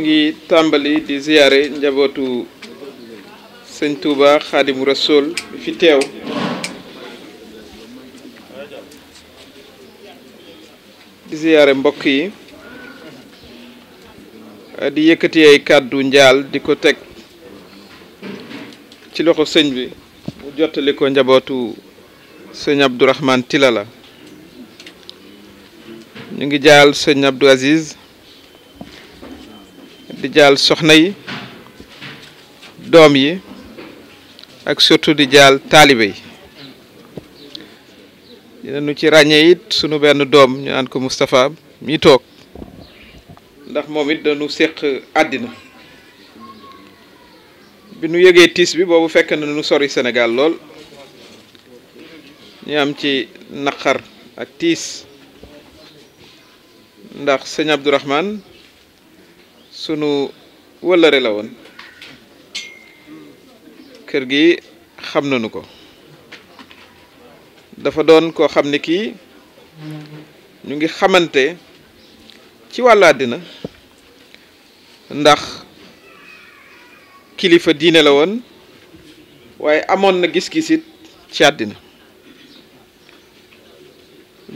ngi tambali di ziaré njabootu seigne Touba khadim rasoul fi tew di ziaré mbokk yi di yëkëti ay kaddu ndial di tek ci loxo seigne bi mu jottali ko seigne Abdourahmane Tilala ñu ngi jaal seigne Abdou Aziz di jaal soxna yi doom yi ak surtout di jaal talibé yi dinañu ci ràññee it suñu benn doom ñu naan ko mustapha mi toog ndax moom it dañu séq àddina bi nu yëgee tiis bi boobu fekk na nu sori Sénégal lool ñu am ci naqar ak tiis ndax sëñ Abdourahmane sunu wëllëre la woon kër gi xam nañu ko dafa doon koo xam ne kii ñu ngi xamante ci wàllu àddina ndax kilifa diine la woon waaye amoon na gis-gisit ci àddina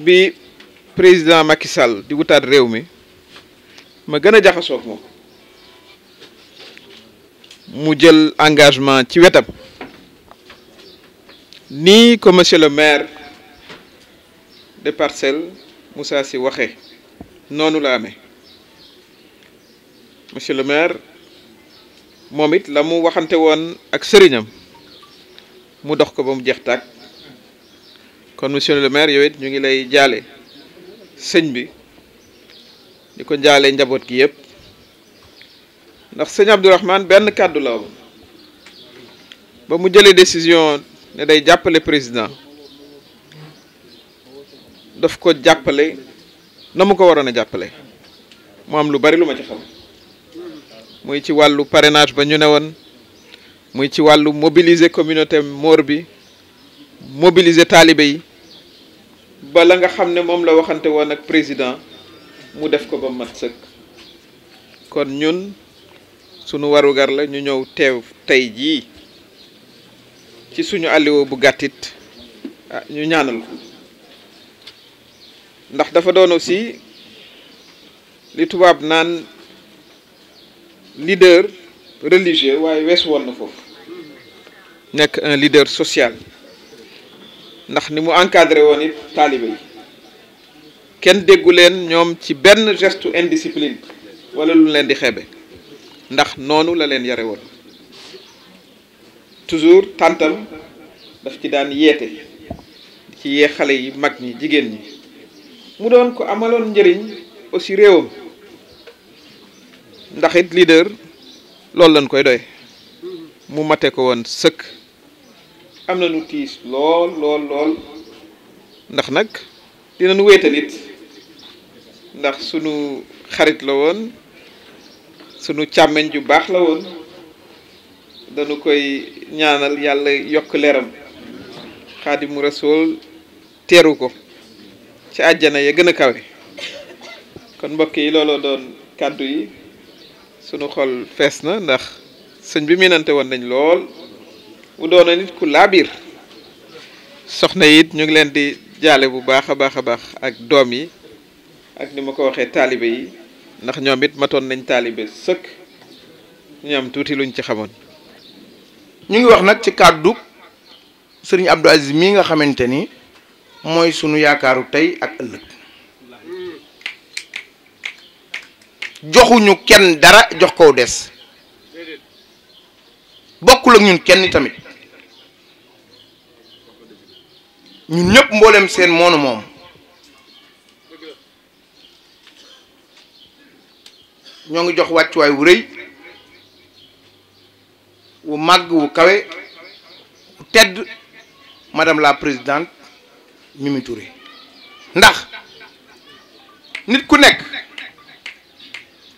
bi président Macky Sall di wutaat réew mi ma gën a jaxasoog moom mu jël engagement ci wetam ni ko monsieur le maire de Parcelles Moussa Sy waxee noonu la amee monsieur le maire Momit, l'amour la mu waxante woon ak sëriñam mu dox ko kon monsieur le maire yow it ñu ngi lay jaale sëñ bi di ko jaale njaboot gi ndax sëñ Abdourahmane benn kàddu la woon ba mu jëlee décision ne day jàppale président daf ko jàppale na mu ko waroon a jàppale mu am lu bari lu ma ci xam muy ci wàllu parrainage ba ñu ne woon muy ci wàllu mobiliser communauté moor bi mobiliser taalibe yi bala nga xam ne moom la waxante woon ak président mu def ko ba mat sëkk kon ñun sunu gar la ñu ñew tew tay ji ci suñu àlliwoo bu gàttit ah, ñu ñaanal ndax dafa doon aussi li tubab nan leader religieux waaye wess won na fofu nek un leader social ndax ni mu encadrer won it talibé yi kenn déggu leen ci ben geste indiscipline wala lu leen di xébé ndax noonu la leen yare woon toujours tàntal daf ci daan yeete ci yee xale yi mag ñi jigéen ñi mu doon ko amaloon njëriñ aussi réewam ndax it leader loolu lañ koy doy mu mate ko woon sëkk am na nu tiis lool lool lool ndax nag dinañ wéetal it ndax sunu xarit la woon sunu càmmeñ ju baax la woon dañu koy ñaanal yàlla yokk leeram mu rasool teeru ko ci àjjana ya gën a kawe kon mbokk yi looloo doon kàddu yi sunu xol fees na ndax sëñ bi minante woon nañ lool mu doona nit ku laabiir soxna yit ñu ngi leen di jaale bu baax a baax a baax ak doom yi ak ni ma ko waxee taalibe yi ndax ñoom it matoon nañ taalibe sëkk ñoom tuuti luñ ci xamoon. ñu ngi wax nag ci kàddu sëriñ Abdou Aziz mii nga xamante ni mooy sunu yaakaaru tey ak ëllëg joxuñu kenn dara jox kow des bokkul ak ñun kenn tamit ñun ñëpp mboolem seen moonu moom ñoo ngi jox wàccuwaay wu rëy wu màgg wu kawe wu tedd madame la présidente Mimi ndax nit ku nekk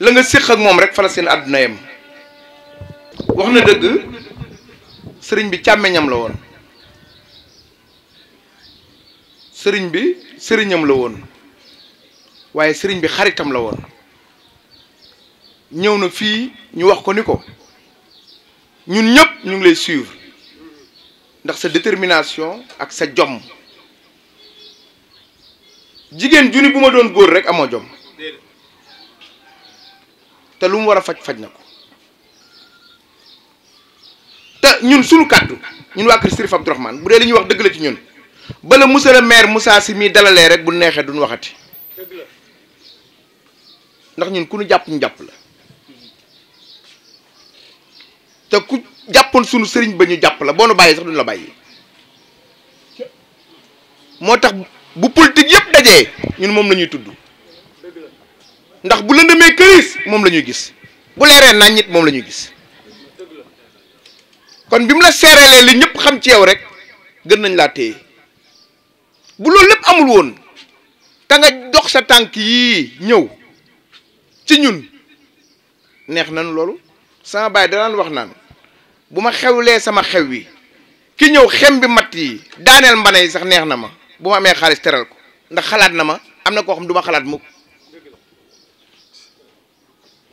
la nga séq ak moom rek fa seen àdduna yam wax na dëgg sëriñ bi càmmeñam la woon sëriñ bi sëriñam la woon waaye sëriñ bi xaritam la woon ñëw na fii ñu wax ko niko ñun ñep ñu ngi lay suivre ndax sa détermination ak sa jom jigen junni buma don doon rek amo jom té lu mu wara fajj fajj nako té ñun suñu kaddu ñun wa kër Sirif Abdourahmane bu dé li ñu wax dëgg la ci ñun la monsieur le maire Moussa simi mii rek bu nexé duñ waxati ndax ñun ku ñu japp ñu japp la. te ku jàppoon sunu sëriñ ba ñu jàpp la boo nu bàyyi sax duñu la bàyyi moo tax bu politique yëpp dajee ñun moom la ñuy tudd ndax bu lëndëmee këriis moom lañuy gis bu leeree nañ nit moom la ñuy gis kon bi mu la seereelee li ñëpp xam ci yow rek gën nañ laa téye bu loolu lépp amul woon te nga dox sa tànk yii ñëw ci ñun neex nañu loolu sama baay danaan wax nan buma xewle sama xew wi ki ñëw xem bi matt yi daaneel mbana sax neex na ma buma amé amee teral ko ndax xalaat na ma amna ko xam duma xalaat mu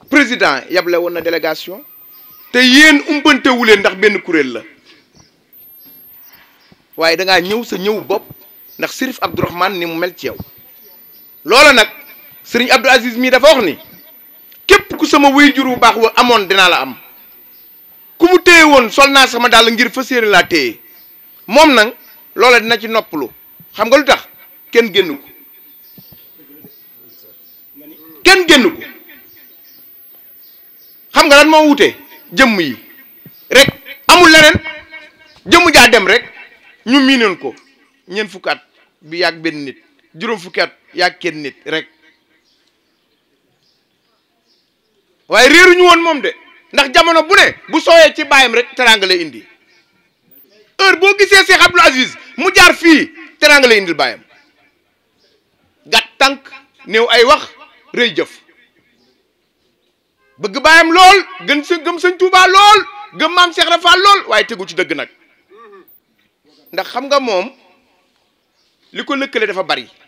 président yable woon na délégation te yéen umbeunte wulé ndax ben kuréel la waye da nga ñëw sa ñëw bop ndax Sérif abdourahman ni mu mel ci yow loola nak serigne Abdou Aziz mi dafa wax ni sama jur bu baax wa amoon dinaa la am ku mu téye woon sol naa sama dàll ngir fa yéene laa téye moom nag loola dina ci noppalu xam nga lu tax kenn génn ko kenn génn ko xam nga lan moo wutee jëmm yi rek amul leneen jëmm jaa dem rek ñu miinoon ko ñeent fukki at bi yàgg benn nit juróom fukki yàgg kenn nit rek waaye réeruñu woon moom de ndax jamono bu ne bu soowee ci baayam rek teraanga indi heure boo gisee Cheikh Abdoul Aziz mu jaar fii teraanga indi indil baayam gàtt tànk néew ay wax rëy jëf bëgg baayam lool gën sa gëm sëñ Tuubaa lool gëm maam Cheikh Rafaal lool waaye tegu ci dëgg nag ndax xam nga moom li ko lëkkale dafa bari